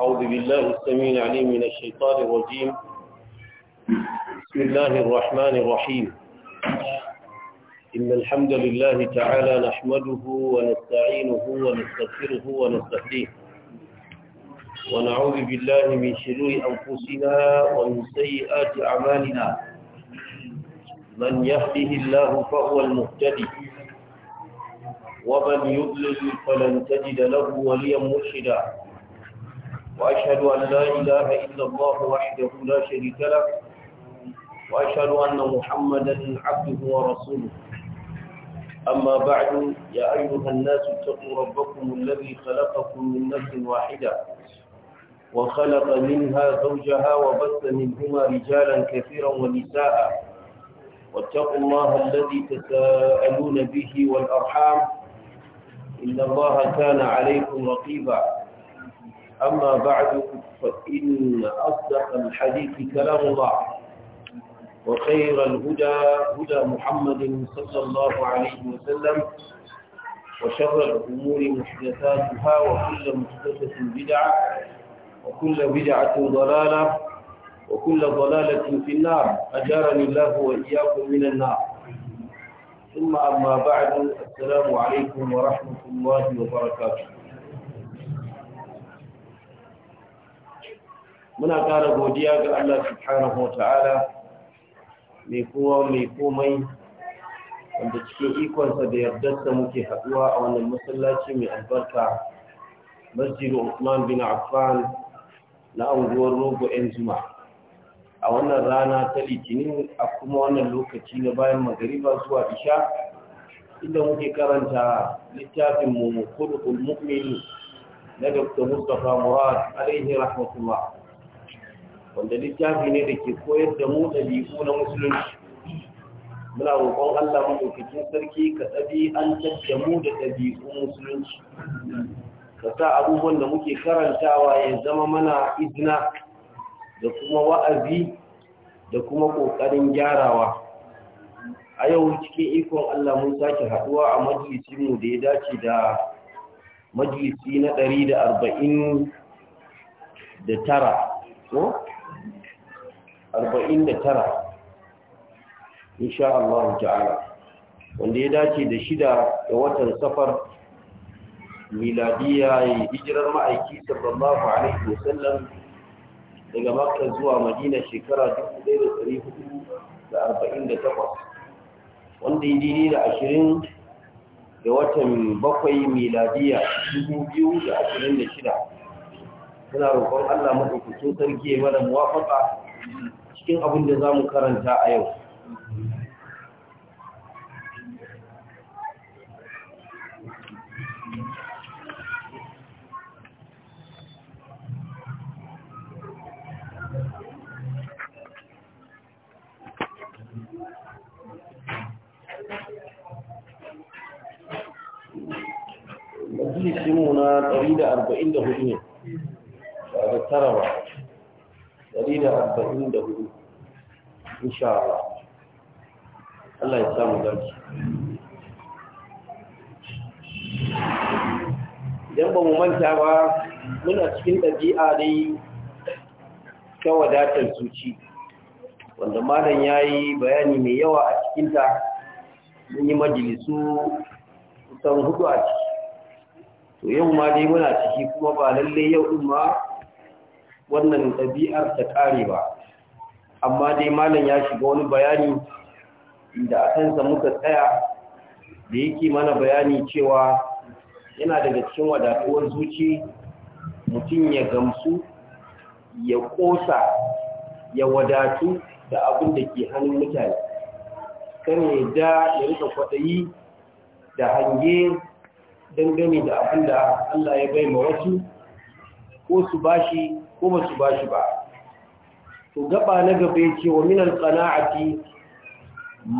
أعوذ بالله السميع العليم من الشيطان الرجيم بسم الله الرحمن الرحيم إن الحمد لله تعالى نحمده ونستعينه ونستغفره ونستهديه ونعوذ بالله من شرور أنفسنا ومن سيئات أعمالنا من يهده الله فهو المهتدي ومن يضلل فلن تجد له وليا مرشدا وأشهد أن لا إله إلا الله وحده لا شريك له وأشهد أن محمدا عبده ورسوله أما بعد يا أيها الناس اتقوا ربكم الذي خلقكم من نفس واحدة وخلق منها زوجها وبث منهما رجالا كثيرا ونساء واتقوا الله الذي تساءلون به والأرحام إن الله كان عليكم رقيبا أما بعد فإن أصدق الحديث كلام الله وخير الهدى هدى محمد صلى الله عليه وسلم وشر الأمور محدثاتها وكل محدثة بدعة وكل بدعة ضلالة وكل ضلالة في النار أجارني الله وإياكم من النار ثم أما بعد السلام عليكم ورحمة الله وبركاته muna ƙara godiya ga Allah subhanahu wata'ala mai kowa mai komai wanda cikin ikonsa da yardarsa muke haɗuwa a wannan masallaci mai albarka masjidu Usman bin Affan na unguwar Rogo ‘yan Zuma a wannan rana ta litinin a kuma wannan lokaci na bayan magariba zuwa isha inda muke karanta littafin mu kudu mu'min na Dr. Mustapha Murad alaihi rahmatullah wanda littafi ne da ke koyar da mu ɗabi'u na musulunci muna roƙon Allah maɗaukakin sarki ka ɗabi'antar da mu da ɗabi'un musulunci ka sa abubuwan da muke karantawa ya zama mana izina da kuma wa'azi da kuma ƙoƙarin gyarawa a yau cikin ikon Allah mun sake haɗuwa a majalisinmu da ya dace da majalisi na ɗari da arba'in da tara arba'in da tara insha Allah ta'ala wanda ya dace da shida ga watan safar miladiya ya hijirar ma'aiki sallallahu alaihi wasallam daga makka zuwa madina shekara 1448 wanda ya dini da ashirin da watan bakwai miladiya 2026 suna roƙon allah mafi sarki ya mana muwafaƙa cikin abin da za mu karanta a yau majalisinmu na 144 ne ba da tara ba ɗari da da hudu insha Allah Allah ya samu dace idan ba mu manta ba muna cikin ɗabi'a ne ta wadatar zuci wanda malam ya yi bayani mai yawa a cikinta mun yi majalisu kusan hudu a ciki to yau ma dai muna ciki kuma ba lallai yau ɗin ma wannan ɗabi'ar ta ƙare ba amma dai malam ya shiga wani bayani da a kansa muka tsaya da yake mana bayani cewa yana daga cikin wadatuwar zuci mutum ya gamsu ya ƙosa ya wadatu da abin da ke hannun mutane kan yadda ya rika kwaɗayi da hange dangane da abin da Allah ya bai ma wasu ko su bashi ko ba su bashi ba to gaba na gaba yace wa min al-qana'ati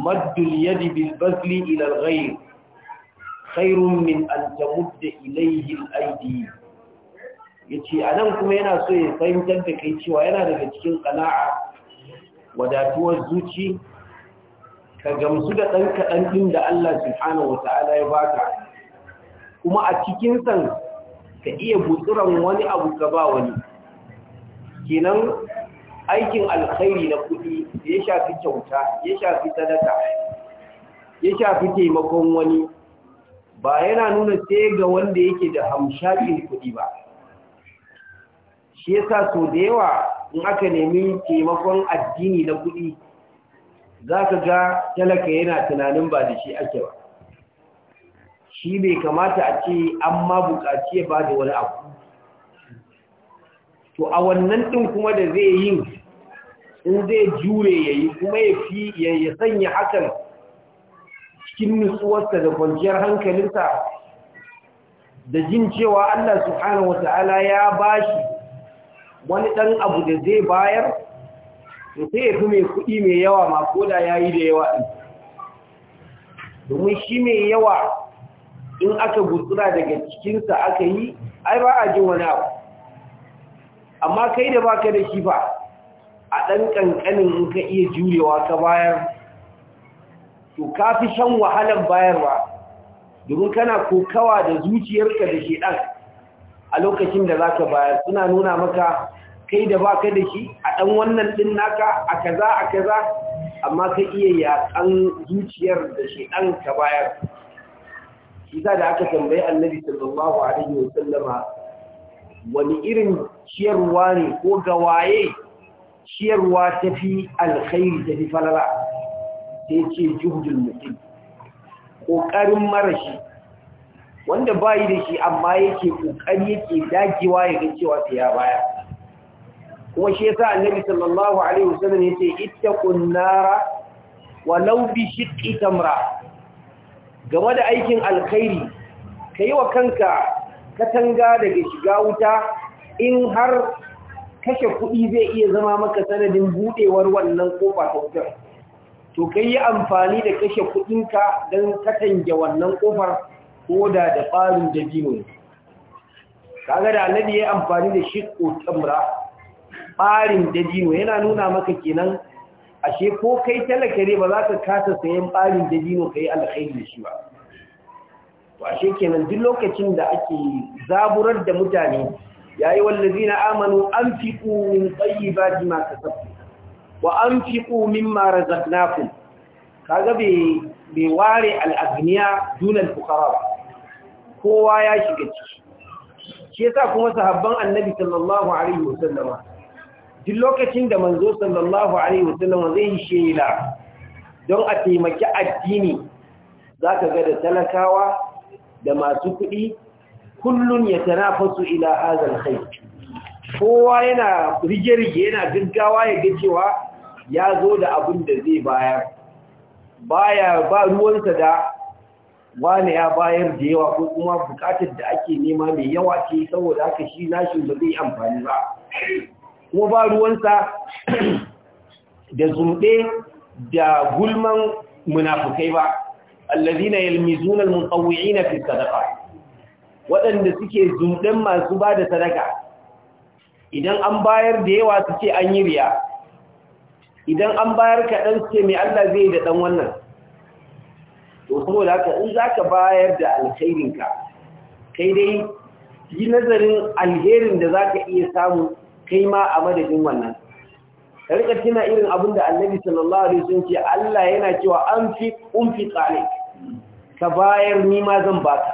maddu yadi bil bazli ila al-ghayr khairun min an tamudda ilayhi al-aydi yace anan kuma yana so ya fahimtar da kai cewa yana daga cikin qana'a wadatuwar zuci ka gamsu da ɗan kaɗan ɗin da Allah subhanahu wa ta'ala ya baka kuma a cikin san ka iya butsuran wani abu ka ba wani kenan aikin alkhairi na kuɗi ya shafi kyauta ya shafi sadaka ya shafi taimakon wani ba yana nuna sai ga wanda yake da hamshakin kuɗi ba shi yasa so da yawa in aka nemi taimakon addini na kuɗi za ka ga talaka yana tunanin ba da shi ake ba shi bai kamata a ce an ma bukaci ya ba da wani abu to a wannan ɗin kuma da zai yi in zai jure ya yi kuma ya fi ya sanya hakan cikin nutsuwarsa da kwanciyar hankalinsa da jin cewa Allah subhanahu wata'ala ya bashi wani ɗan abu da zai bayar to sai ya fi mai kuɗi mai yawa ma ko da ya yi da yawa ɗin domin shi mai yawa in aka gutsura daga cikinsa aka yi ai ba a jin wani abu amma kai da baka da shi ba a ɗan ƙanƙanin in ka iya jurewa ka bayar to ka fi shan wahalan bayarwa domin kana kokawa da zuciyarka da shi ɗan a lokacin da zaka bayar suna nuna maka kai da baka da shi a ɗan wannan ɗin naka a kaza a kaza amma ka iya yaƙan zuciyar da shi ɗan ka bayar shi da aka tambayi annabi sallallahu alaihi wa sallama wani irin ciyarwa ne ko gawaye ciyarwa tafi alkhairi tafi falala sai ce juhdul mutum kokarin marashi wanda bayi da shi amma yake kokari yake dagewa ya ga cewa sai ya baya kuma shi yasa annabi sallallahu alaihi wasallam yace ittaqun nara walau bi shiqqi tamra game da aikin alkhairi ka yi wa kanka katanga daga shiga wuta in har kashe kuɗi zai iya zama maka sanadin buɗewar wannan ƙofa ta wutar to ka yi amfani da kashe kuɗinka don katange wannan ƙofar ko da da ɓarin da jino kaga da annabi ya amfani da shi ko ɓarin da jino yana nuna maka kenan ashe ko kai talaka ne ba za ka kasa sayan ɓarin dabino ka yi alkhairi da shi ba to ashe kenan duk lokacin da ake zaburar da mutane yayi yi wallazi na amanu an fi ƙumin tsayi ba ji masu sabu wa an fi ƙumin mara zaknafin kaga bai ware al'agniya dunan fukara ba kowa ya shiga ciki shi yasa kuma sahabban annabi sallallahu alaihi wasallama duk lokacin da manzo sallallahu alaihi wasallam zai yi shela don a taimaki addini zaka ga da talakawa da masu kuɗi kullun ya tanafasu ila hazal khair kowa yana rige-rige yana gaggawa ya ga cewa ya zo da abin da zai bayar baya ba ruwansa da wani ya bayar da yawa ko kuma bukatar da ake nema mai yawa ce saboda haka shi nashin ba zai amfani ba kuma ba ruwansa da zumbe da gulman munafukai ba allazina yalmizuna almutawwi'ina fi sadaqa waɗanda suke zumɗen masu bada da sadaka idan an bayar da yawa suke an yi riya idan an bayar kaɗan dan suke mai Allah zai da ɗan wannan to saboda haka in za ka bayar da alkhairinka kai dai yi nazarin alherin da zaka iya samu kai ma a madadin wannan ka rika tuna irin abin da annabi sallallahu alaihi wasallam ce Allah yana cewa an fi umfi tsale ka bayar ni ma zan baka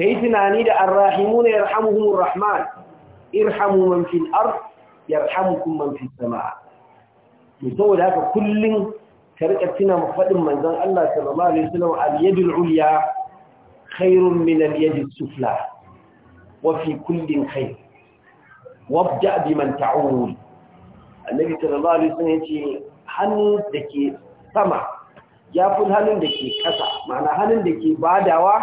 kai tunani da arrahimuna yarhamuhumur rahman irhamu man fil ard yarhamukum man fis samaa to saboda haka kullun ka rika tuna mafadin manzon Allah sallallahu alaihi wasallam al-yadul ulya khairun min al-yadis sufla wa fi kullin khair wabda bi man ta'ul annabi sallallahu alaihi wasallam yace hannun da ke sama ya fi hannun da ke kasa ma'ana hannun da ke badawa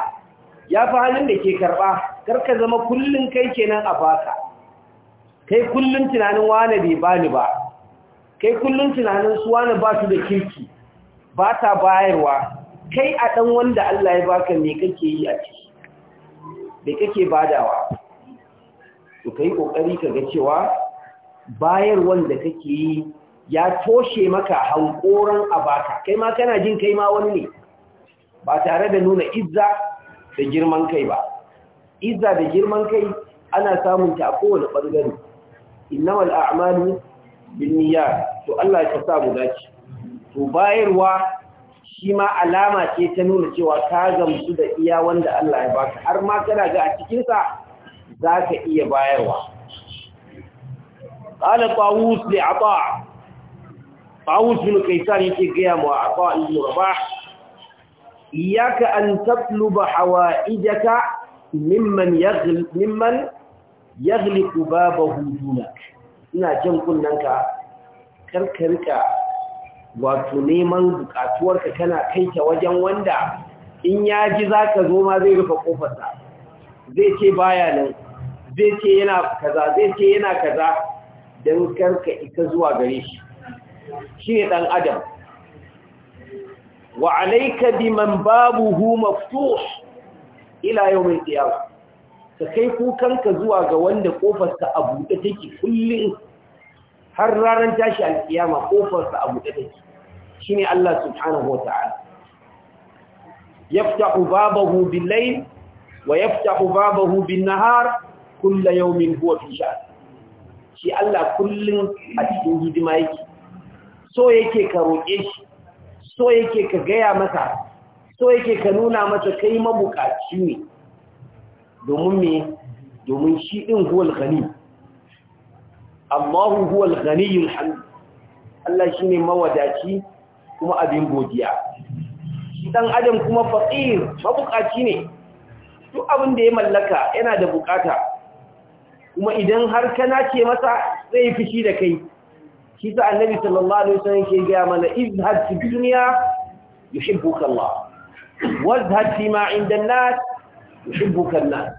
ya fi hannun da ke karba karka zama kullun kai kenan a baka kai kullun tunanin wane bai bani ba kai kullun tunanin su wane ba su da kirki ba ta bayarwa kai a dan wanda Allah ya baka me kake yi a ciki me kake badawa to kai kokari ka ga cewa bayar wanda kake yi ya toshe maka hankoran abaka kai ma kana jin kai ma wani ne ba tare da nuna izza da girman kai ba izza da girman kai ana samun ta a kowane bangare innamal a'malu binniyat to Allah ya sa mu dace to bayarwa shi ma alama ce ta nuna cewa ka gamsu da iya wanda Allah ya baka har ma kana ga a cikin sa za ka iya bayarwa ƙala tawus da ata tawus bin kaisar yake gaya ma ata ibn rabah iyaka an tatluba hawaijaka mimman yaghl mimman yaghliqu babahu dunak ina jin kunnanka karkarka wato neman bukatuwarka kana kaita wajen wanda in ya ji za ka zo ma zai rufe ƙofarsa. zai ce baya nan zai ce yana kaza zai ce yana kaza don karka ita zuwa gare shi shi ne ɗan adam wa alaika biman hu maftuh ila mai qiyamah ka kai kukanka zuwa ga wanda ƙofarsa a buɗe take kullum har ranar tashi alƙiyama kofarsa a buɗe take shine Allah subhanahu wata'ala yaftahu babahu bil-layl wa yaftahu babahu bin-nahar kulla yawmin huwa fi sha'an shi Allah kullun a cikin hidima yake so yake ka roƙe shi so yake ka gaya masa so yake ka nuna masa kai mabukaci ne domin me domin shi din huwal ghani Allahu huwal al hamid Allah shine mawadaci kuma abin godiya dan adam kuma faqir mabukaci ne duk abin da ya mallaka yana da bukata kuma idan har kana ce masa zai fishi da kai shi sa annabi sallallahu alaihi wasallam ke ga mana izhad fi dunya yuhibbuka Allah wazhad fi ma inda nas yuhibbuka an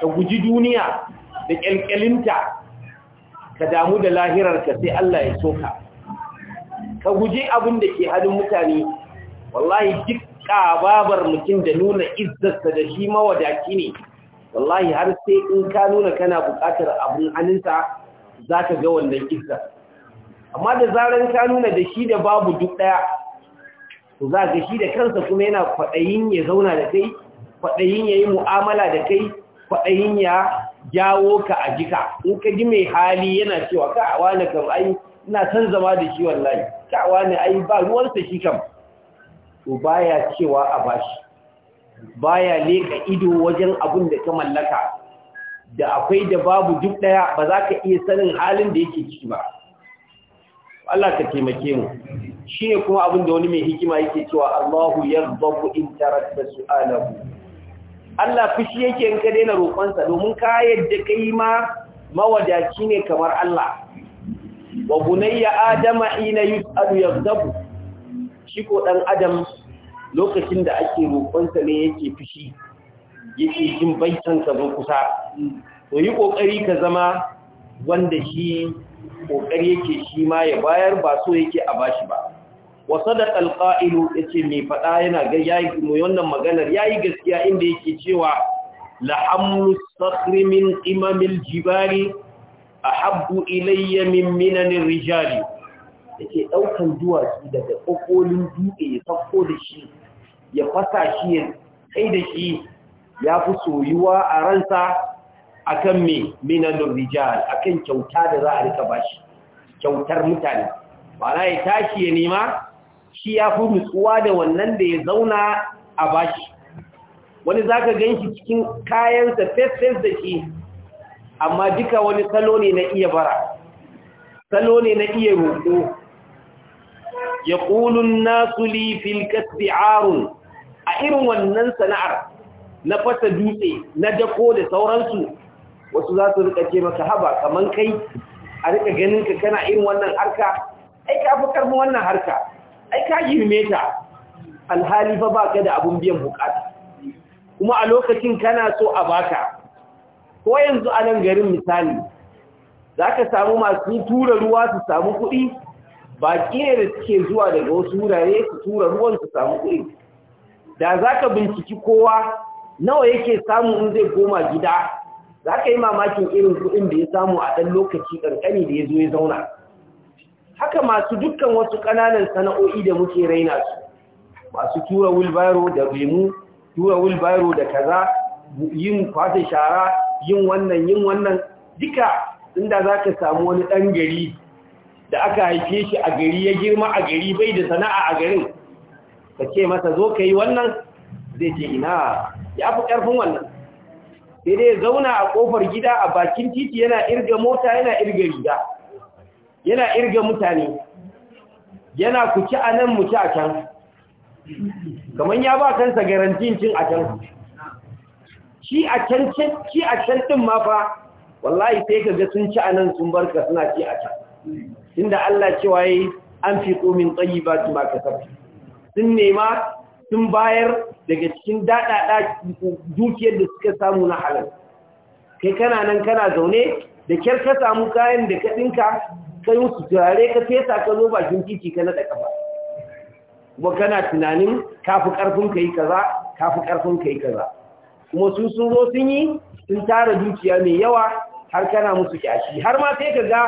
ka guji duniya da kyalkyalinta ka damu da lahirarka sai Allah ya soka ka guji abin da ke hadin mutane wallahi duk babar mutum da nuna izzarsa da shi mawadaci ne wallahi har sai in ka nuna kana buƙatar abin aninsa za ka ga wannan iska amma da zarar ka nuna da shi da babu duk ɗaya to za ka shi da kansa kuma yana kwaɗayin ya zauna da kai kwaɗayin ya yi mu'amala da kai kwaɗayin ya jawo ka a jika in ka ji mai hali yana cewa ka a wani kan ai ina son zama da shi wallahi ka a wani ai ba ruwansa shi kam to baya cewa a bashi baya leka ido wajen abin da ka mallaka da akwai da babu duk daya ba za ka iya sanin halin da yake ciki ba Allah ka taimake mu Shi ne kuma abin da wani mai hikima yake cewa Allahu yarzabu in tarakta su'alahu Allah fushi yake in ka daina roƙonsa domin ka yadda kai ma mawadaci ne kamar Allah wa bunayya adama ina yus'alu yarzabu shi ko dan adam lokacin da ake roƙonsa ne yake fushi yake jin baitan zo kusa to yi ƙoƙari ka zama wanda shi ƙoƙari yake shi ma ya bayar ba so yake a bashi ba wa sadaqa alqa'ilu yace mai fada yana ga yayi wannan maganar yayi gaskiya inda yake cewa la hamlu sakhri min imamil jibali ahabbu ilayya min rijali da ke ɗaukan duwatsu daga ƙoƙolin dutse ya sauko da shi ya fasa shi ya kai da shi ya fi soyuwa a ransa a kan me minan rijal a kan kyauta da za a rika ba shi kyautar mutane ba ya tashi ya nema shi ya fi nutsuwa da wannan da ya zauna a bashi. wani za ka gan cikin kayansa fes-fes da shi amma duka wani salo ne na iya bara salo ne na iya roƙo ya ƙulun nasu lifin kasbi arun a irin wannan sana'ar na fasa dutse na dako da sauransu wasu za su rika ce maka haba kaman kai a rika ganinka ka kana irin wannan harka ai ka fi karfin wannan harka ai ka girme ta alhali fa ba ka da abun biyan bukata kuma a lokacin kana so a baka ko yanzu a nan garin misali za ka samu masu tura ruwa su samu kuɗi baƙi ne da suke zuwa daga wasu wurare su tura ruwan su samu kuɗi da za ka binciki kowa nawa yake samu in zai goma gida za ka yi mamakin irin kuɗin da ya samu a ɗan lokaci ƙanƙani da ya zo ya zauna haka masu dukkan wasu ƙananan sana'o'i da muke raina su masu tura wilbairo da lemu tura wilbairo da kaza yin kwasa shara yin wannan yin wannan duka inda za ka samu wani ɗan gari da aka haife shi a gari ya girma a gari bai da sana'a a garin ka ce masa zo ka yi wannan zai ce ina ya fi ƙarfin wannan sai dai zauna a ƙofar gida a bakin titi yana irga mota yana irga riga yana irga mutane yana kuci a nan muci a can kamar ya ba kansa garantin cin a can shi a can ɗin ma fa wallahi sai ka ga sun ci a nan sun barka suna ci a can inda Allah cewa yi an fi komin tsayi ba su maka sun nema sun bayar daga cikin daɗaɗa dukiyar da suka samu na halal. kai kana nan kana zaune da kyar ka samu kayan da ka ɗinka kai musu turare ka fesa ka zo bakin titi ka naɗa ƙafa kuma kana tunanin kafi ƙarfin ka kaza kafi ƙarfin ka kaza kuma su sun zo sun yi sun tara dukiya mai yawa har kana musu kyashi har ma sai ka ga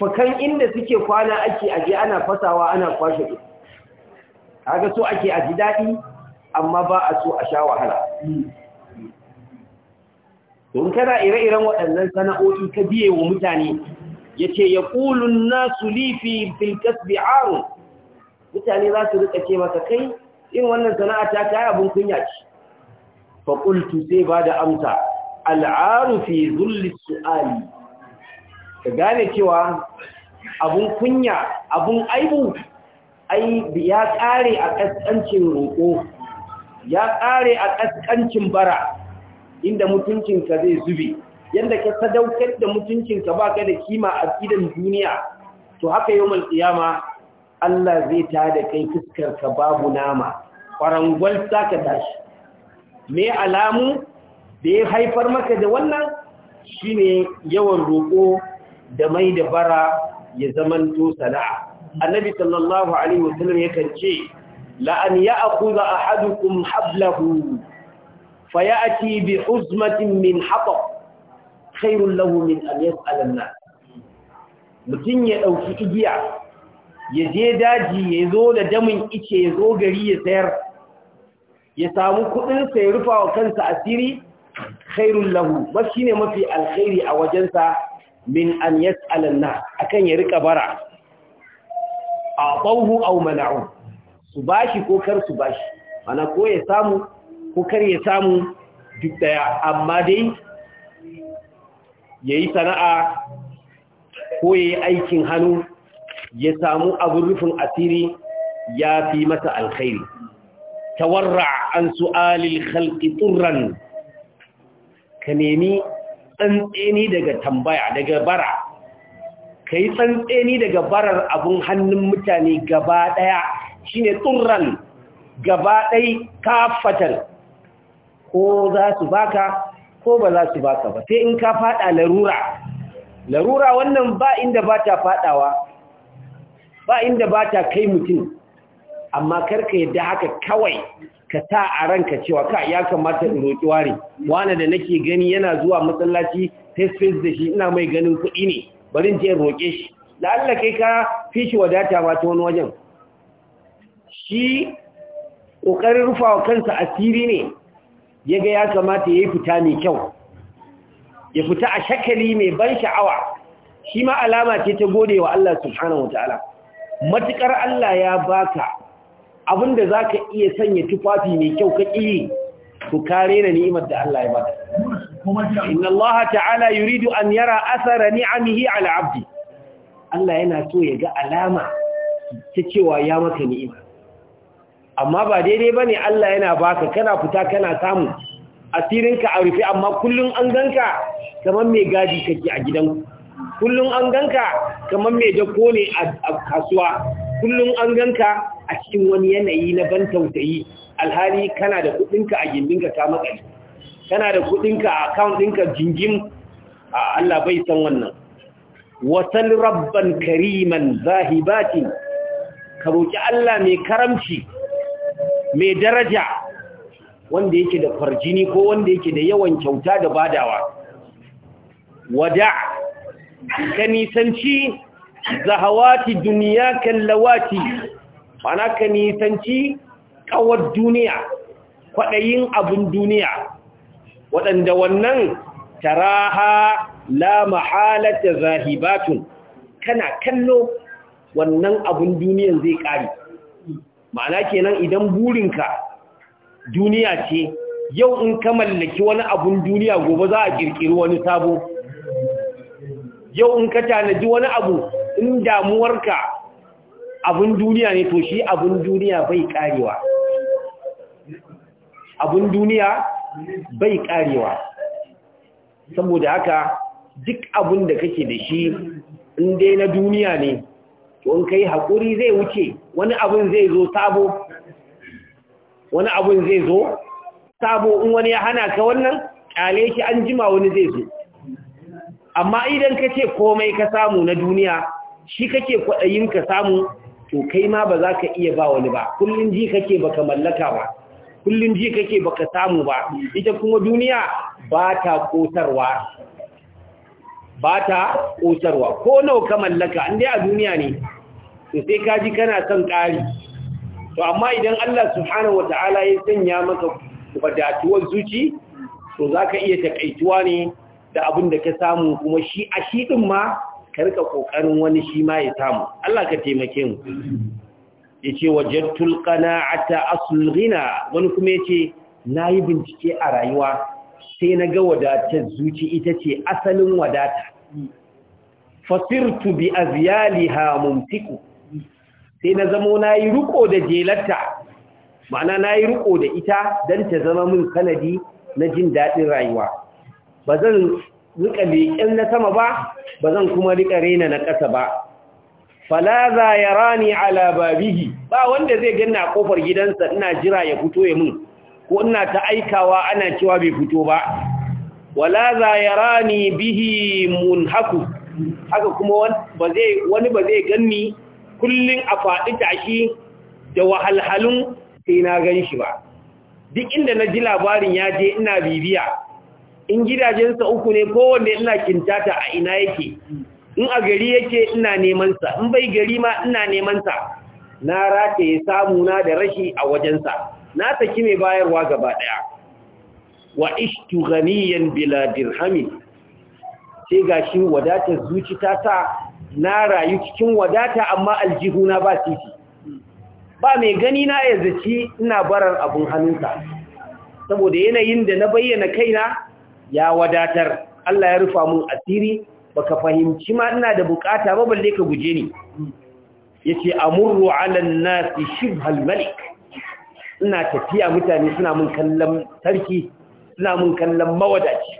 fakan inda suke kwana ake aje ana fasawa ana kwashe su kaga so ake aji daɗi amma ba a so a sha wahala don kana ire-iren waɗannan sana'o'i ka biye wa mutane ya ce ya ƙulun nasu lifi filkas mutane za su rika masa kai in wannan sana'a ta kayi abin kunya ce faƙultu sai ba da amsa al'arufi zulli su'ali ka gane cewa abun kunya abun aibu ai ya ƙare a ƙasƙancin roƙo ya ƙare a ƙasƙancin bara inda mutuncinka zai zube yadda ka sadaukar da mutuncinka ba ka da kima a idan duniya to haka yau mai Allah zai ta da kai fuskarka babu nama ƙwarangwal za ka tashi me alamu da ya haifar maka da wannan shine yawan roƙo da mai da bara ya zamanto sana'a annabi sallallahu alaihi wasallam yakan ce la an ya'khudha ahadukum hablahu fayati bi huzmatin min hatab khairul lahu min an yas'ala an-nas mutun ya dauki igiya ya je daji ya zo da damin ice ya zo gari ya sayar ya samu kudin sa ya rufa wa kansa asiri khairul lahu ba shine mafi alkhairi a wajensa min an yas'ala akan ya rika bara a'tahu aw mana'u su bashi ko kar su bashi ana ko ya samu ko kar ya samu duk daya amma dai yayi sana'a ko yayi aikin hannu ya samu abin rufin asiri ya fi masa alkhairi tawarra an su'alil khalqi turran ka nemi tsantseni daga tambaya daga bara ka yi tsantseni daga barar abin hannun mutane gaba ɗaya shi ne tsurran gaba ɗai kafatar ko za su baka ko ba za su baka ba sai in ka faɗa larura larura wannan ba inda ba ta faɗawa ba inda ba ta kai mutum amma karka yadda haka kawai ka ta a ranka cewa ka ya kamata in roƙi ware wani da nake gani yana zuwa matsalaci face da shi ina mai ganin kuɗi ne barin je roƙe shi la'alla kai ka fi shi wadata ma ta wani wajen shi ƙoƙarin rufa wa kansa asiri ne ya ga ya kamata ya yi fita mai kyau ya fita a shakali mai ban sha'awa shi ma alama ce ta gode wa Allah subhanahu wa ta'ala matuƙar Allah ya baka abinda za ka iya sanya tufafi mai kyau ka ƙi ku kare na ni'imar da Allah ya baka inna Allah ta'ala yuridu an yara asara ni'amihi ala abdi Allah yana so ya ga alama ta cewa ya maka ni'ima amma ba daidai ba ne Allah yana baka kana fita kana samu asirinka a rufe amma kullum an ganka kamar mai gadi kake a gidanku kullum an ganka kamar mai dako ne a kasuwa kullum an ganka a cikin wani yanayi na ban tausayi alhali kana da kudinka a gindinka ta matsayi? kana da kudinka a account ɗinka jingim a Allah bai san wannan Wasan rabban kariman zahibati ka roki Allah mai karamci mai daraja wanda yake da farjini ko wanda yake da yawan kyauta da badawa wada ka nisanci zahawati duniya kallawati mana ka nisanci kawar duniya kwaɗayin abin duniya waɗanda wannan taraha la mahalata zahibatun kana kallo wannan abin duniya zai ƙari ma'ana kenan idan burinka duniya ce yau in ka mallaki wani abun duniya gobe za a ƙirƙiri wani sabo yau in ka tanaji wani abu in damuwarka Abun duniya ne to shi abun duniya bai karewa abun duniya bai karewa saboda haka duk abun da kake da shi in dai na duniya ne to in kai haƙuri zai wuce wani abun zai zo sabo wani abun zai zo sabo in wani ya hana ka wannan ƙyale shi an jima wani zai zo amma idan ka ce komai ka samu na duniya shi kake kwaɗayin ka samu to kai ma ba za ka iya ba wani ba kullun ji kake baka mallaka ba kullun ji kake baka samu ba ita kuma duniya ba ta kotarwa ba ta kotarwa ko nawa ka mallaka An dai a duniya ne to sai ka ji kana son ƙari to amma idan Allah subhanahu wataala ya sanya maka wadatuwar zuci to za ka iya takaituwa ne da abin da ka samu kuma shi a shi ɗin ma karka kokarin wani shi ma ya samu Allah ka taimake mu yace wajadtul qana'ata aslul ghina wani kuma yace nayi bincike a rayuwa sai na ga wadatar zuci ita ce asalin wadata fasirtu bi azyaliha mumtiku sai na zamo nayi riko da jelarta ma'ana nayi riko da ita dan ta zama min sanadi na jin dadin rayuwa bazan rika leƙen na sama ba ba zan kuma rika rena na ƙasa ba falaza ya rani ala babihi ba wanda zai ganna ƙofar gidansa ina jira ya fito ya mun ko ina ta aikawa ana cewa bai fito ba wala za ya rani bihi mun haku. haka kuma wani ba zai ganni kullum a faɗi tashi da wahalhalun sai na gan shi ba duk inda na ji labarin ya je ina bibiya in gidajensa uku ne kowanne ina kintata a ina yake in a gari yake ina nemansa in bai gari ma ina nemansa na samu na da rashi a wajensa na saki mai bayarwa gaba ɗaya wa ishtu ghaniyan bila dirhami sai gashi wadatar zuci ta sa na rayu cikin wadata amma aljihu na ba titi ba mai gani na ya zaci ina barar abun hannunsa saboda yanayin da na bayyana kaina ya wadatar Allah ya rufa mun asiri baka fahimci ma ina da bukata ba balle ka guje ni yace amuru ala nasi shibhal malik ina tafiya mutane suna mun kallon sarki suna mun kallon mawadaci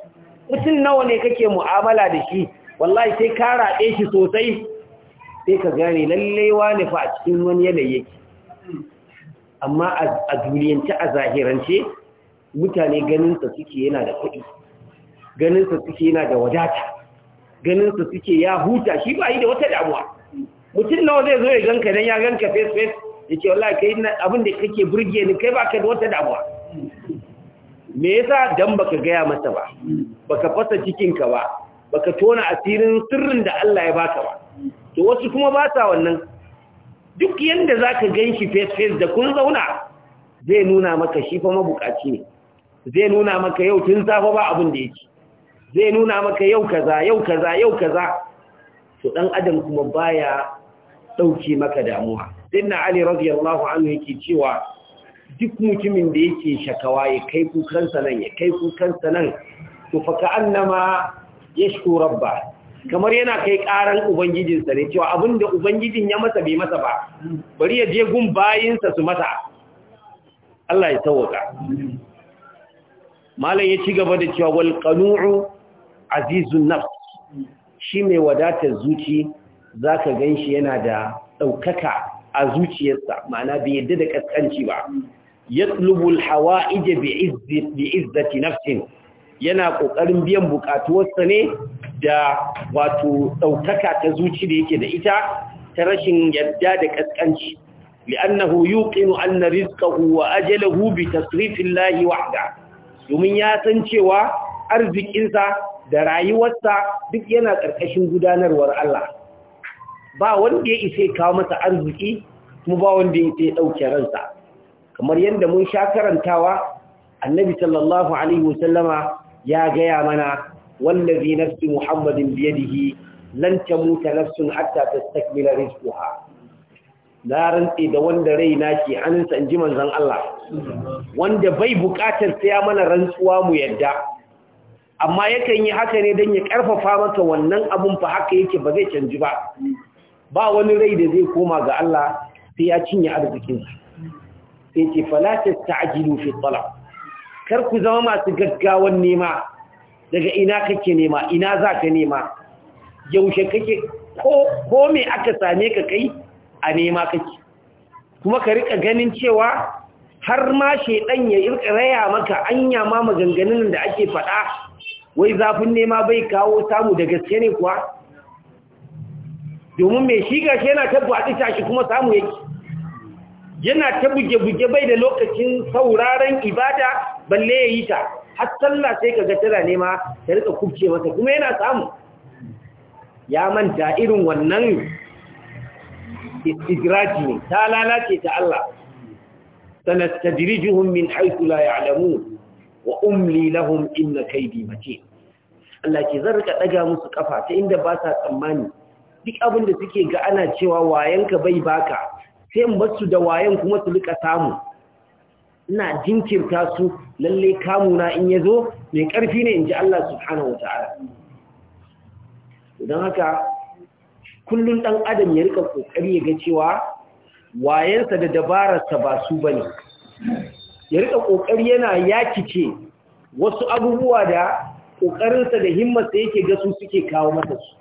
mutum nawa ne kake mu'amala da shi wallahi sai ka rade shi sosai sai ka gane lalle wani fa a cikin wani yanayi amma a duniyance a zahirance mutane ganinsa suke yana da kuɗi ganinsa suke yana da wadata ganinsa suke ya huta shi ba yi da wata damuwa mutum nawa zai zo ya ganka nan ya ganka face face ya ce wallahi kai abin da kake burge ni kai baka da wata damuwa me yasa dan baka gaya masa ba baka fasa cikinka ba baka tona asirin sirrin da Allah ya baka ba to wasu kuma ba sa wannan duk yanda zaka ganshi face face da kun zauna zai nuna maka shi fa mabukaci ne zai nuna maka yau tun safa ba abin da yake zai nuna maka yau kaza yau kaza yau kaza to dan adam kuma baya dauke maka damuwa dinna ali radiyallahu anhu yake cewa duk mutumin da yake shakawa ya kai kukansa nan ya kai kukansa nan to fa ka'annama yashku rabba kamar yana kai karan ubangijinsa ne cewa abinda ubangijin ya masa bai masa ba bari ya je gun bayinsa su masa Allah ya tawaka malam ya ci gaba da cewa wal qanu'u azizun nafs shi mai wadatar zuci za ka gan yana da ɗaukaka a zuciyarsa ma'ana bai yadda da ƙasƙanci ba ya tsulubul hawa ije bi izzati nafsin yana ƙoƙarin biyan buƙatuwarsa ne da wato ɗaukaka ta zuci da yake da ita ta rashin yadda da ƙasƙanci li'annahu yuqinu anna rizqahu wa ajalahu bi tasrifillahi wahda domin ya san cewa arzikinsa da rayuwarsa duk yana ƙarƙashin gudanarwar Allah ba wanda ya isa kawo masa arziki kuma ba wanda ya isa ɗauke ransa kamar yadda mun sha karantawa annabi sallallahu alaihi wasallama ya gaya mana wallazi nafsi muhammadin biyadihi lan tamuta nafsun hatta tastakmila rizqaha na rantse da wanda rai na ke hannunsa in ji manzon Allah wanda bai buƙatar sai mana rantsuwa mu yadda amma yakan yi haka ne don ya karfafa maka wannan abun fa haka yake ba zai canji ba ba wani rai da zai koma ga Allah sai ya cinye arzikinsa sai ce falatis ta'jilu fi talab kar ku zama masu gaggawan nema daga ina kake nema ina za ka nema yaushe kake ko ko me aka same ka kai a nema kake kuma ka rika ganin cewa har ma shedan ya irka raya maka anya ma maganganun da ake faɗa wai zafin nema bai kawo samu da gaske ne kuwa domin mai shi gashi yana tabbu a ɗisa shi kuma samu yake yana ta buge-buge bai da lokacin sauraron ibada balle ya yi ta har sallah sai ka ga tana nema ta rika kubce masa kuma yana samu ya manta irin wannan istidraji ne ta lalace ta Allah sanastajrijuhum min haythu la alamu wa umli lahum inna kaidi matin Allah ke zan rika daga musu kafa ta inda ba sa tsammani duk abin da suke ga ana cewa wayanka bai baka sai in basu da wayan kuma su rika samu ina jinkirta su lalle na in yazo mai karfi ne inji Allah subhanahu wataala don haka kullun dan adam ya rika kokari ya ga cewa wayansa da dabararsa ba su bane ya rika kokari yana yakice wasu abubuwa da ƙoƙarinsa da himmarsa yake ga su suke kawo mata su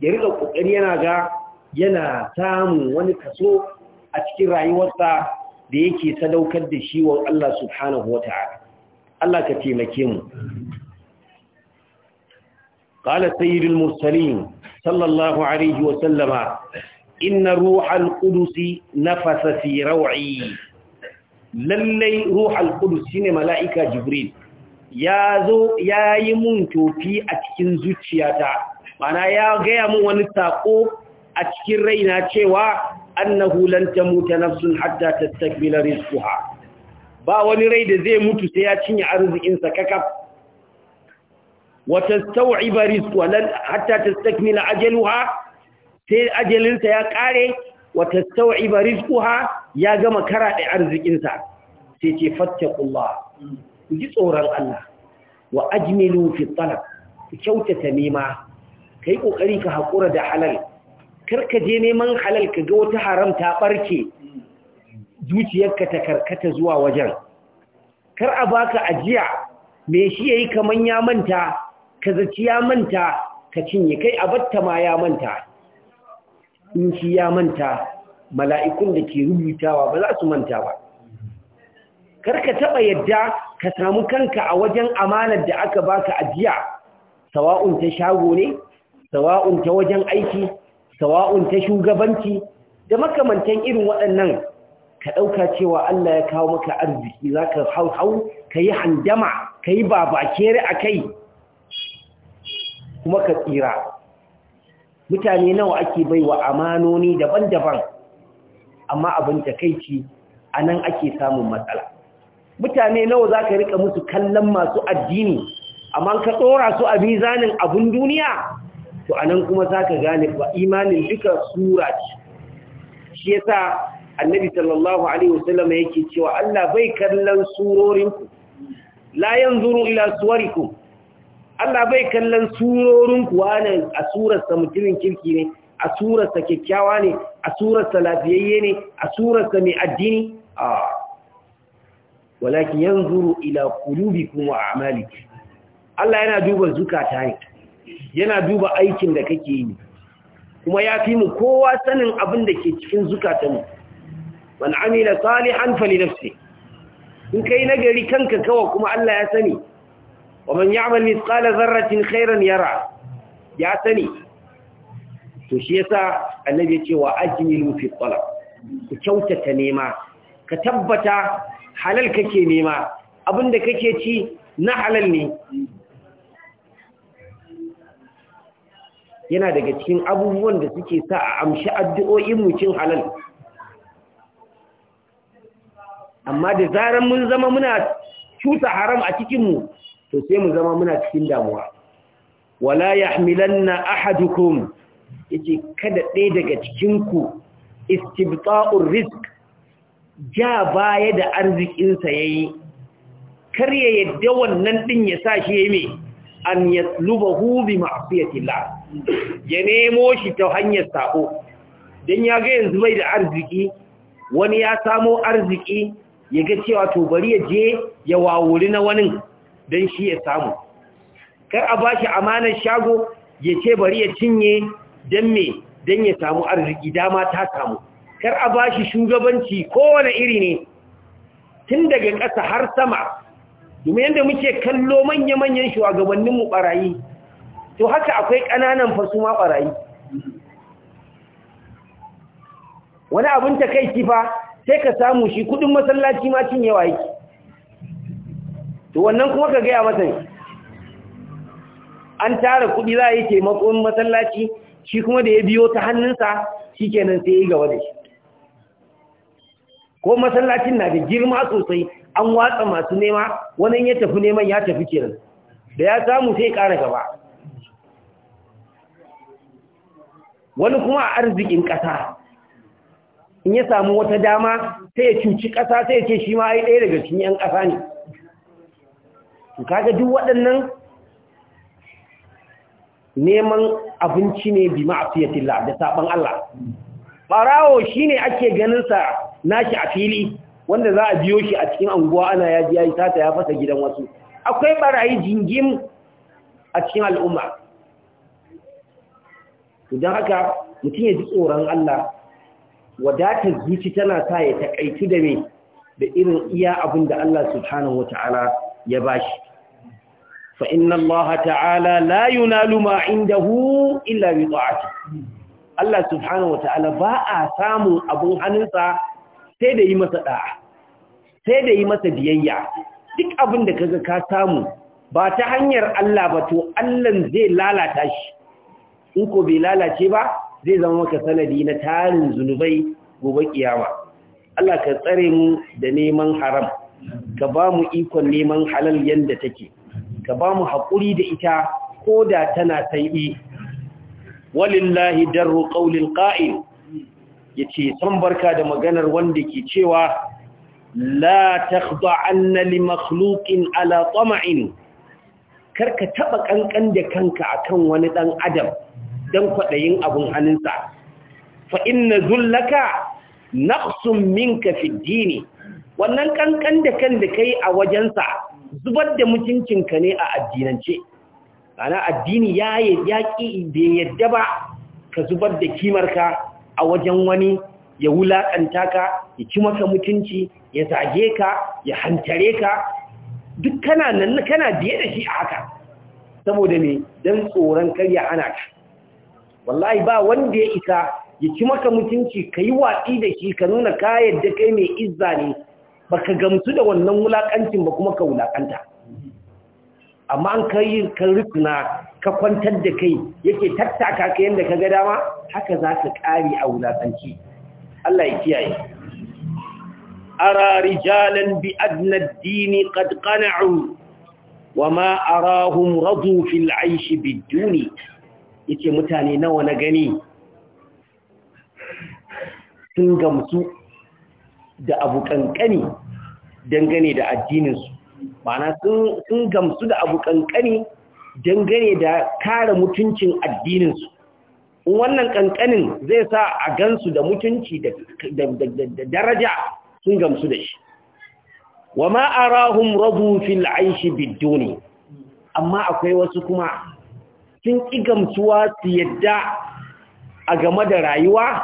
ya rika yana ga yana samun wani kaso a cikin rayuwarsa da yake sadaukar da shi wa Allah subhanahu wata'ala Allah ka taimake mu قال سيد المرسلين صلى الله عليه وسلم إن روح القدس نفس في روعي lallai ruhul qudus shine mala'ika jibril ya zo ya yi mun tofi a cikin zuciyata mana ya gaya mun wani sako a cikin raina cewa annahu lan tamuta nafsun hatta tastakmila rizquha ba wani rai da zai mutu sai ya cinye arzikinsa kakaf wata sau'iba rizquha lan hatta tastakmila ajaluha sai ajalinsa ya kare wata sau'iba rizquha ya gama karaɗe arzikinsa sai ce fattakullah ku ji tsoron Allah wa ajmilu fi talab ku kyautata nema kai kokari ka hakura da halal Kar ka je neman halal ka ga wata haram ta barke zuciyarka ta karkata zuwa wajen kar a baka ajiya me shi yayi kaman ya manta ka zaci ya manta ka cinye kai abatta ma ya manta in shi ya manta mala'ikun da ke rubutawa ba za su manta ba karka taɓa yadda ka samu kanka a wajen amanar da aka baka ajiya sawa'un ta shago ne sawa'un ta wajen aiki sawa'un ta shugabanci da makamantan irin waɗannan ka ɗauka cewa Allah ya kawo maka arziki za ka hau hau ka yi handama ka yi babakere a kai kuma ka tsira mutane nawa ake baiwa amanoni daban-daban amma abin takaici a nan ake samun matsala mutane nawa zaka ka rika musu kallon masu addini amma ka ɗora su a bizanin abin duniya to a nan kuma za ka gane ba imanin duka sura ce shi ya sa annabi sallallahu alaihi wasallam yake cewa Allah bai kallon surorinku la yanzuru ila suwarikum Allah bai kallon surorinku wani a surarsa mutumin kirki ne a surarsa kyakkyawa ne a surarsa lafiyayye ne a mai addini a walakin yanzuru ila kulubi kuma a a'malikum Allah yana duba zukata ne yana duba aikin da kake yi kuma ya fi mu kowa sanin abin da ke cikin Wani man amila salihan fali nafsi in kai nagari kanka kawa kuma Allah ya sani wa man ya'mal mithqala dharratin khairan yara ya sani to shi yasa annabi ya ce wa ajnilu fi talab ku kyautata nema ka tabbata halal kake nema abinda kake ci na halal ne yana daga cikin abubuwan da suke sa a amshi addu'o'in mu cin halal amma da zaran mun zama muna cuta haram a cikinmu to sai mu zama muna cikin damuwa wala yahmilanna ahadukum yace kada ɗaya daga cikin ku istibta'ur rizq ja baya da arzikinsa sa yayi kar ya yadda wannan din ya sa shi yayi an yatlubahu bi ma'siyatillah ya nemo shi ta hanyar sako dan ya ga yanzu bai da arziki wani ya samo arziki ya ga cewa to bari ya je ya wawuri na wani don shi ya samu kar a ba shi amanar shago ya ce bari ya cinye don me don ya samu arziki dama ta samu kar a bashi shugabanci kowane iri ne tun daga ƙasa har sama domin yadda muke kallo manya-manyan shugabanninmu barayi to haka akwai ƙananan ma barayi wani abin ta kai kifa sai ka samu shi kudin masallaci ma cin yawa yake to wannan kuma ka gaya masa an tara kudi za a yi taimakon masallaci shi kuma da ya biyo ta hannunsa shi kenan sai ya yi gaba da shi ko masallacin na da girma sosai an watsa masu nema wani ya tafi neman ya tafi kenan da ya samu sai ƙara gaba wani kuma a arzikin ƙasa in ya samu wata dama sai ya cuci ƙasa sai ya ce shi ma ya ɗaya daga cikin 'yan ƙasa ne kaga duk waɗannan neman abinci ne bi ma'afiyatillah da saban Allah barawo shine ake ganin sa nashi a fili wanda za a biyo shi a cikin anguwa ana ya ji ya tata ya fasa gidan wasu akwai barayi jingim a cikin al'umma to dan haka mutum ya ji tsoron Allah wadatar zuci tana sa ya takaitu da me da irin iya abinda Allah subhanahu wataala ya bashi فإن الله تعالى لا ينال ما عنده إلا بطاعته الله سبحانه وتعالى باء سامو أبو حنسا سيدة يمسا داع سيدة يمسا ديايا duk abin da kaga ka samu ba ta hanyar Allah ba to Allah zai lalata shi in ko bai lalace ba zai zama maka sanadi na tarin zunubai gobe kiyama Allah ka tsare mu da neman haram ka ba mu ikon neman halal yanda take ka ba mu haƙuri da ita ko da tana sai'i walillahi darru ƙaunin ƙa'il ya ce san barka da maganar wanda ke cewa la ta ba'anna li makhluqin ala tsama'in karka taɓa ƙanƙan da kanka kan wani ɗan adam don kwaɗayin abin hannunsa fa'in na zullaka naqsun minka fi dini wannan ƙanƙan da kan da yi a wajensa zubar da mutuncinka ne a addinance ana addini ya yaƙi bai yadda ba ka zubar da kimarka a wajen wani ya wulaƙanta ka ya ci maka mutunci ya zage ka ya hantare ka duk kana nan kana biye da shi a haka saboda ne don tsoron karya ana ka wallahi ba wanda ya isa ya ci maka mutunci ka yi watsi da shi ka nuna ka yadda kai mai izza ne Ba ka gamsu da wannan wulaƙancin ba kuma ka wulaƙanta. amma an kai ka rikuna ka kwantar da kai yake tattaka ka yadda ka ga dama haka za ka ƙari a wulaƙanci. Allah ya kiyaye ara rijalan bi adna ad-dini qad qana'u wa ma arahum radu fil 'aysh bid-duni yace mutane nawa na gani sun gamsu da abu kankani dangane da addininsu ma'ana sun gamsu da abu kankani dangane da kare mutuncin addininsu wannan kankanin zai sa a gansu da mutunci da daraja sun gamsu da shi wa ma'arahun rabu fil aishi amma akwai wasu kuma sun ƙi gamsuwa su yadda a game da rayuwa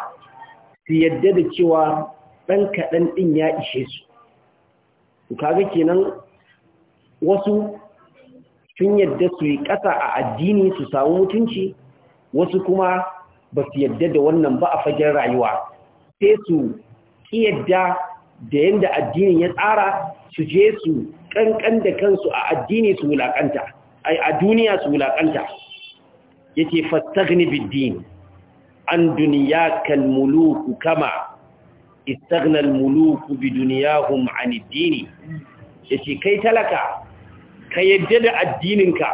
su yadda da cewa ɗan kaɗan ɗin ya ishe su kaga kenan wasu sun yadda su yi ƙasa a addini su samu mutunci wasu kuma ba su yadda da wannan ba a fagen rayuwa sai su ƙi yadda da yadda addinin ya tsara su je su ƙanƙan da kansu a addini su wulaƙanta a duniya su wulaƙanta Yake ce fattagni biddin an duniya kan muluku kama istagnal muluku bi duniyahum an addini yace kai talaka ka yadda da addininka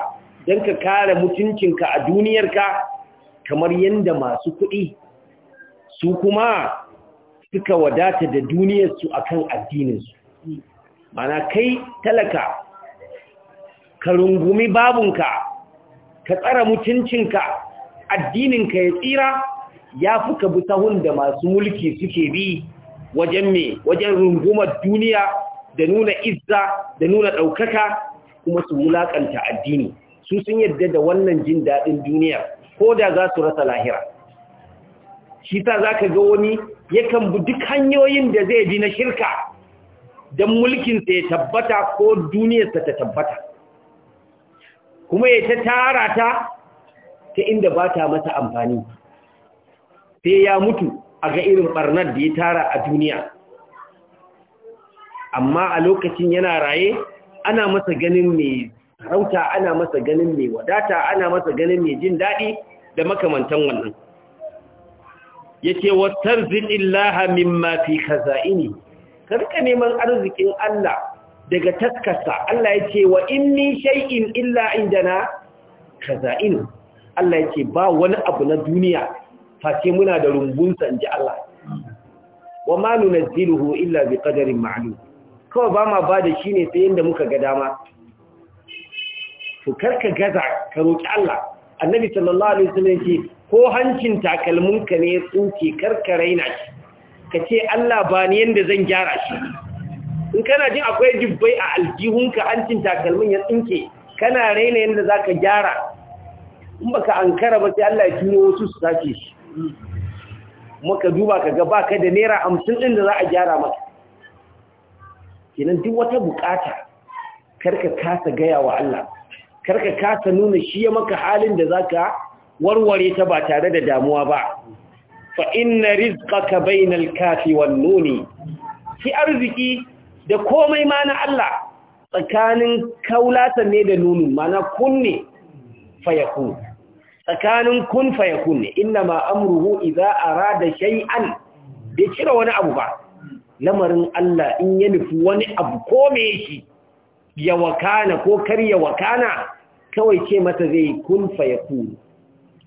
don ka kare mutuncinka a duniyarka kamar yadda masu kuɗi su kuma suka wadata da duniyarsu akan addininsu mana kai talaka ka rungumi babunka ka tsara mutuncinka addininka ya tsira ya fi ka bi sahun da masu mulki suke bi wajen me wajen rungumar duniya da nuna izza da nuna ɗaukaka kuma su wulaƙanta addini su sun yarda da wannan jin daɗin duniya ko da za su rasa lahira shi ta za ka ga wani yakan bi duk hanyoyin da zai bi na shirka don mulkinsa ya tabbata ko duniyarsa ta tabbata kuma ya ta tara ta ta inda ba ta masa amfani sai ya mutu a ga irin barnar da ya tara a duniya amma a lokacin yana raye ana masa ganin mai sarauta ana masa ganin mai wadata ana masa ganin mai jin daɗi da makamantan wannan ya ce wattar mafi mimma fi kaza'ini karka neman arzikin Allah daga taskasa Allah ya ce wa inni shay'in illa indana kaza'in Allah ya ce ba wani abu na duniya face muna da rumbunsa in ji Allah wa ma nunazziluhu illa bi qadarin ma'lum kawai ba ma ba da shi ne sai yadda muka ga dama to karka gaza ka roki Allah annabi sallallahu alaihi wasallam ce ko hancin takalminka ne ya tsuke karka raina shi ka ce Allah ba ni yadda zan gyara shi in kana jin akwai jibbai a aljihunka hancin takalmin ya tsinke kana raina yadda za ka gyara in baka ankara ba sai Allah ya tuno wasu su sace shi muka duba ka gaba ka da naira hamsin ɗin da za a gyara maka kinan duk wata bukata karka kasa gaya wa Allah karka kasa nuna shi ya maka halin da zaka warware ta ba tare da damuwa ba fa inna rizqaka bainal kafi wan nuni Ki arziki da komai ma na Allah tsakanin kaulatan ne da nunun mana kunne fayakun tsakanin kun fa yakun ne inna ma amruhu da shai shay'an bai cire wani abu ba lamarin Allah in ya nufi wani abu ko me shi ya wakana ko kar ya wakana kawai ce mata zai kun fa yakun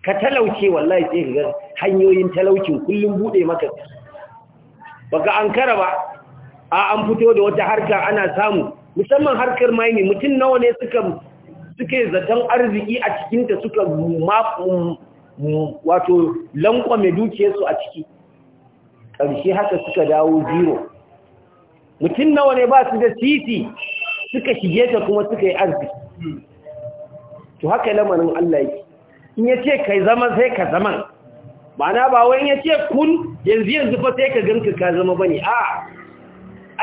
ka talauce wallahi sai ka ga hanyoyin talaucin kullum bude maka baka ankara ba a an fito da wata harka ana samu musamman harkar maini mutum nawa ne suka suke zaton arziki a cikinta suka wato lankwame su a ciki ƙarshe haka suka dawo zero mutum nawa ne ba su da titi suka shige ta kuma suka yi arziki to haka lamarin Allah yake in ya ce kai zama sai ka zaman na ba wani ya ce kun yanzu yanzu fa sai ka ganka ka zama bane a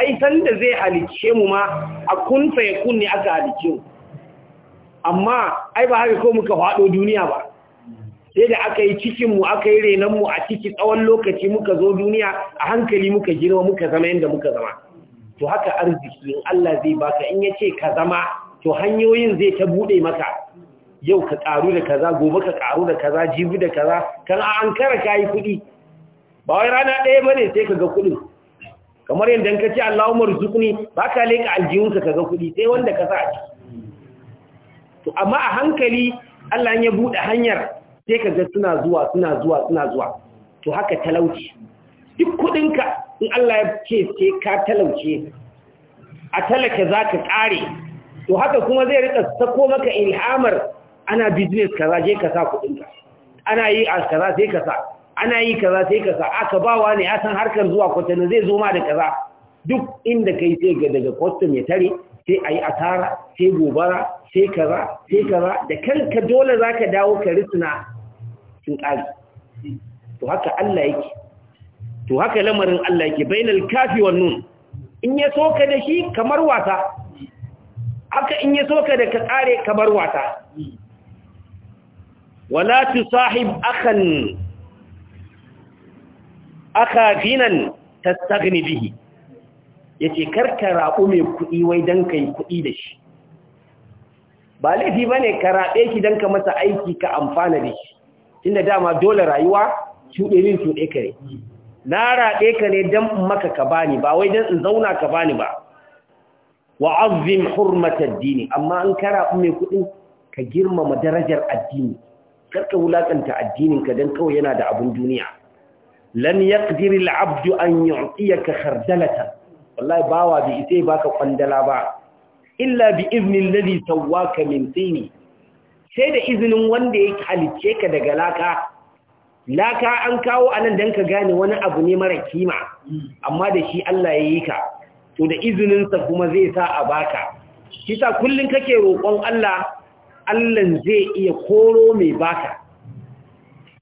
ai san da zai halice mu ma a kun fa kun ne aka halice mu amma ai ba haka ko muka faɗo duniya ba sai da aka yi cikinmu aka yi renonmu a ciki tsawon lokaci muka zo duniya a hankali muka girma muka zama yadda muka zama to haka arziki Allah zai baka in ya ce ka zama to hanyoyin zai ta buɗe maka yau ka ƙaru da kaza gobe ka ƙaru da kaza jibi da kaza kan a an kara ka yi kuɗi ba wai rana ɗaya ba ne sai ka ga kuɗin kamar yadda ka ce Allah umar zukuni ba ka leƙa aljihunka ka ga kuɗi sai wanda ka sa a ciki to amma a hankali Allah ya buɗe hanyar sai ka suna zuwa suna zuwa suna zuwa to haka talauci duk kuɗinka in Allah ya ce sai ka talauce a talaka za ka ƙare to haka kuma zai rika sako maka ilhamar ana business kaza je ka sa kuɗinka ana yi a kaza sai ka sa ana yi kaza sai ka sa aka bawa ne a san harkar zuwa kwatano zai zo ma da kaza duk inda kai sai ga daga kwastom ya tare sai a yi asara sai gobara sai kaza sai kaza da kanka dole za ka dawo ka risna sun ƙari to haka Allah yake to haka lamarin Allah yake bainal kafi wan nun in ya soka da shi kamar wata haka in ya soka da ka kare kamar wata wala sahib akan aka ghinan tastaghni bihi ya ce karka raɓu mai kuɗi wai don ka yi kuɗi da shi ba laifi ba ne ka raɓe shi don ka masa aiki ka amfana da shi inda dama dole rayuwa cuɗe min cuɗe ka ne na raɓe ka ne don maka ka bani ba wai don in zauna ka bani ba wa azim hurmatar dini amma an ka raɓu mai kuɗin ka girmama darajar addini karka wulaƙanta addininka don kawai yana da abin duniya lan yaqdiru al-abdu an yu'tiyaka wallahi bawa bi isai baka kwandala ba illa bi iznin ladhi sawwaka min tini sai da izinin wanda ya halicce ka daga laka laka an kawo anan dan ka gane wani abu ne mara kima amma da shi Allah ya yi ka to da izinin sa kuma zai sa a baka kisa kullun kake roƙon Allah Allah zai iya koro mai baka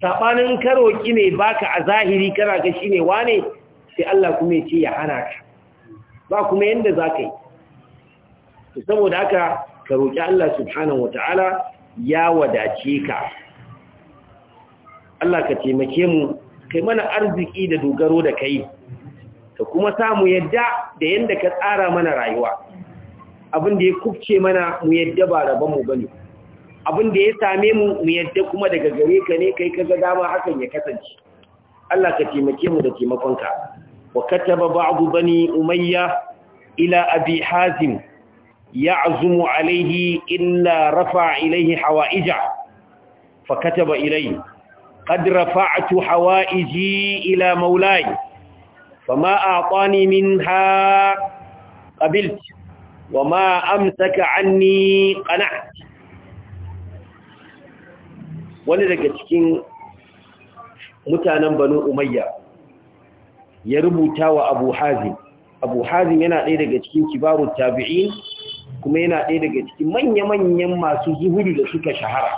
sabanin roki mai baka a zahiri kana ga shine wane sai Allah kuma ya ce ya hana ka ba kuma yanda za ka yi To saboda haka ka roƙi Allah subhanahu ta'ala ya wadace ka Allah ka taimake mu kai mana arziki da dogaro da kai ka kuma sa mu yadda da yanda ka tsara mana rayuwa abin da ya kubce mana mu yadda ba rabon mu bane abin da ya same mu mu yadda kuma daga gare ka ne kai kaga dama hakan ya kasance Allah ka taimake mu da taimakon ka وكتب بعض بني أمية إلى أبي حازم يعزم عليه إلا رفع إليه حوائجه فكتب إليه قد رفعت حوائجي إلى مولاي فما أعطاني منها قبلت وما أمسك عني قنعت wani daga cikin mutanen banu umayya ya rubuta wa abu hazin abu hazin yana ɗaya daga cikin kibarun tabi'in kuma yana ɗaya daga cikin manya-manyan masu zuhuri da suka shahara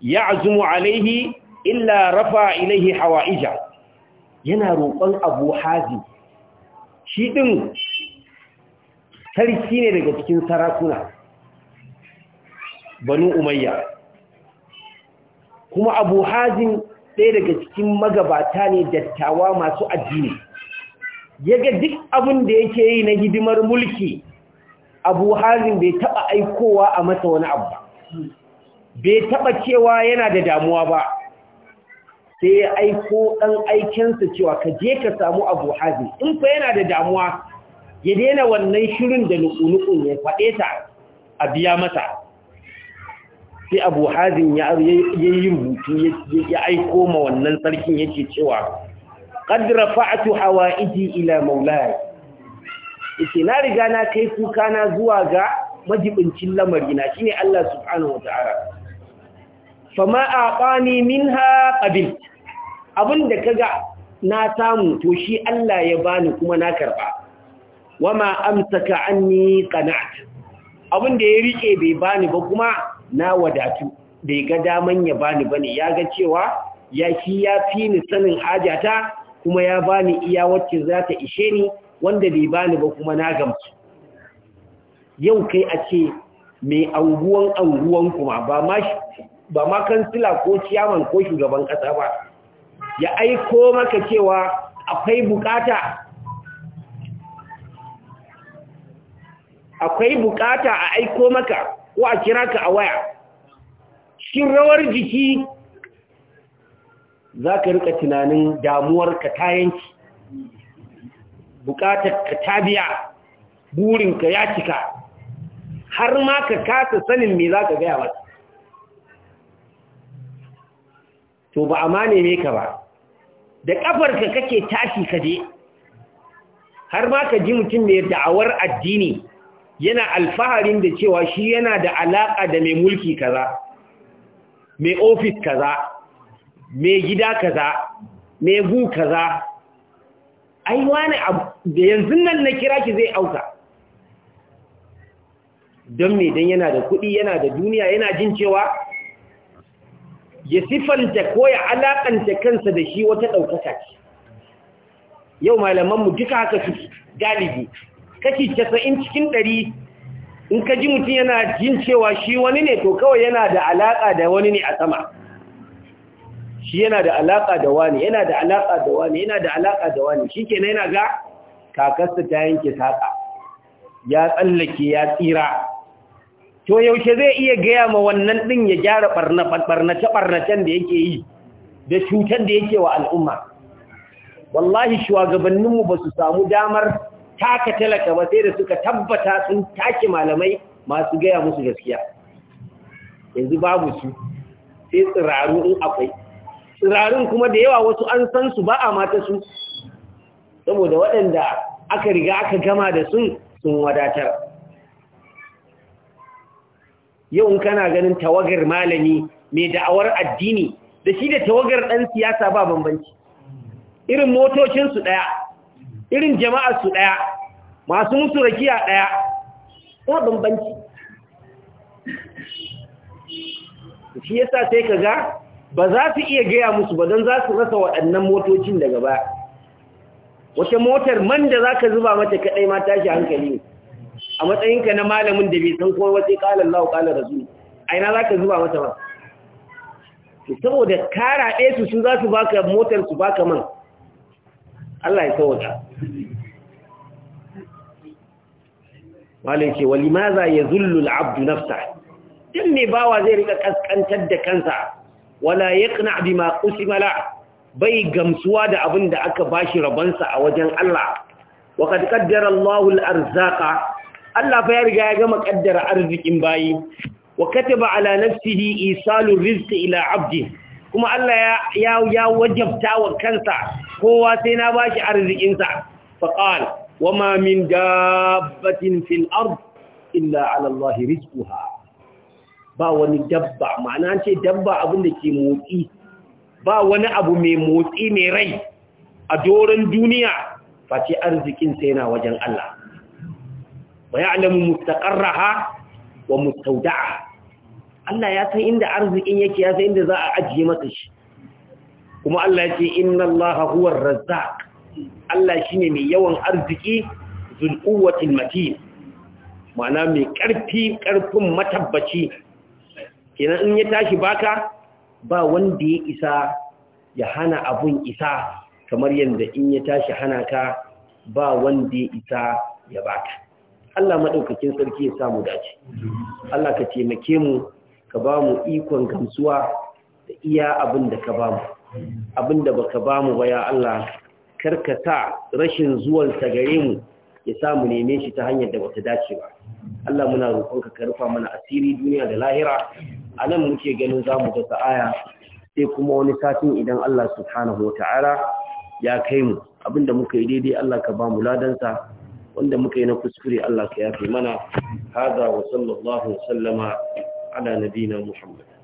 ya azumu alaihi illa rafa ilaihi hawa'ija yana roƙon abu hazi shi ɗin sarki ne daga cikin sarakuna banu umayya kuma abu hazin ɗaya daga cikin magabata ne dattawa masu addini yaga duk abin da yake yi na hidimar mulki abu hazin bai taɓa aikowa a masa wani abu bai taɓa cewa yana da damuwa ba sai ya aiko ɗan aikensa cewa ka je ka samu abu hazin in fa yana da damuwa ya daina wannan shirin da nukunukun ya faɗe ta a biya masa." sai abu hazin ya yi rubutu ya aiko ma wannan sarkin yake cewa ƙadira fa'atu hawa iji ila maulaya ike na riga na kai kuka na zuwa ga majibincin na shi ne Allah subhanahu wa ta'ara fama a ƙwani min ha ƙabil abinda ka ga na samu to shi Allah ya bani kuma na karɓa wama amsaka anni qana'at abinda ya riƙe bai bani ba kuma na wadatu bai ga daman ya bani bane ya ga cewa ya shi ya fi ni sanin hajata kuma ya bani iya wacce za ta ishe ni wanda bai bani ba kuma na gamsu yau kai a ce mai anguwan anguwan kuma ba ma kansila ko ciyaman ko shugaban kasa ba ya aiko maka cewa akwai bukata akwai bukata a aiko maka ko a kira ka a waya cikin rawar jiki za ka rika tunanin damuwar ka ta yanki bukatar ka ta biya burinka ya cika har ma ka kasa sanin me za ka gaya ba? to ba a ne me ka ba da ƙafarka kake tashi ka je har ma ka ji mutum mai da'awar addini yana alfaharin da cewa shi yana da alaƙa da mai mulki kaza mai ofis kaza mai gida kaza mai gu kaza ai wani da yanzu nan na kira ki zai auka don me don yana da kuɗi yana da duniya yana jin cewa ya siffanta ko ya alaƙanta kansa da shi wata ɗaukaka ce yau malamanmu duka haka su galibi kashi casa'in cikin ɗari in ka ji mutum yana jin cewa shi wani ne to kawai yana da alaƙa da wani ne a sama shi yana da alaƙa da wani yana da alaƙa da wani yana da alaƙa da wani shi kenan yana ga kakarsa ta yanke saƙa ya tsallake ya tsira to yaushe zai iya gaya ma wannan ɗin ya gyara ɓarnace-ɓarnacen da yake yi da cutar da yake wa al'umma wallahi shugabanninmu ba su samu damar taka talaka ba sai da suka tabbata sun take malamai masu gaya musu gaskiya yanzu babu su sai tsiraru in akwai tsirarun kuma da yawa wasu an san su ba a mata su saboda waɗanda aka riga aka gama da sun sun wadatar yau kana ganin tawagar malami mai da'awar addini da shi da tawagar ɗan siyasa ba bambanci irin motocinsu ɗaya irin jama'ar su ɗaya masu musu rakiya ɗaya ba bambanci shi yasa sai ka ga ba za su iya gaya musu ba don za su rasa waɗannan motocin daga ba wata motar man da za ka zuba mata kaɗai ma tashi hankali ne a matsayinka na malamin da bai san kuma wace ƙalar lau ƙalar rasu aina za ka zuba mata ba saboda kara ɗaya su su za su baka motar su baka man Allah ya sauka malai ce walimaza ya al-abdu nafsa din ne bawa zai rika kaskantar da kansa wala yaqna bima qusima la bai gamsuwa da abin da aka bashi rabonsa a wajen Allah wa qad qaddara Allahu Allah fa ya riga ya gama kaddara arzikin bayi wa kataba ala nafsihi isalu rizqi ila abdi kuma Allah ya ya wajabta wa kansa kowa sai na bashi arzikinsa sa faqal wama min dabbatin fil ard illa ala Allah rizquha ba wani dabba ma'ana ce dabba abin da ke motsi ba wani abu mai motsi mai rai a doron duniya face arzikin sai yana wajen Allah wa ya'lamu mustaqarraha wa mustawda'aha Allah ya san inda arzikin yake ya san inda za a ajiye masa shi kuma Allah ya ce inna Allah huwar razzaq Allah shine mai yawan arziki zul quwwatil matin ma'ana mai karfi karfin matabbaci kenan in ya tashi baka ba wanda ya isa ya hana abun isa kamar yadda in ya tashi hana ka ba wanda ya isa ya baka Allah maɗaukakin sarki ya samu dace Allah ka taimake mu ka ba mu ikon gamsuwa da iya abin da ka ba mu abin da baka ba mu ba ya Allah karkata rashin zuwan ta gare mu ya sa mu neme shi ta hanyar da bata dace ba Allah muna roƙonka ka rufa mana asiri duniya da lahira a nan muke ganin zamu mu aya sai kuma wani satin idan Allah subhanahu wa ta'ala ya kai mu abinda muka yi daidai Allah ka ba mu ladansa wanda muka yi na kuskure Allah ka yafe mana hada wa sallallahu wa sallama على نبينا محمد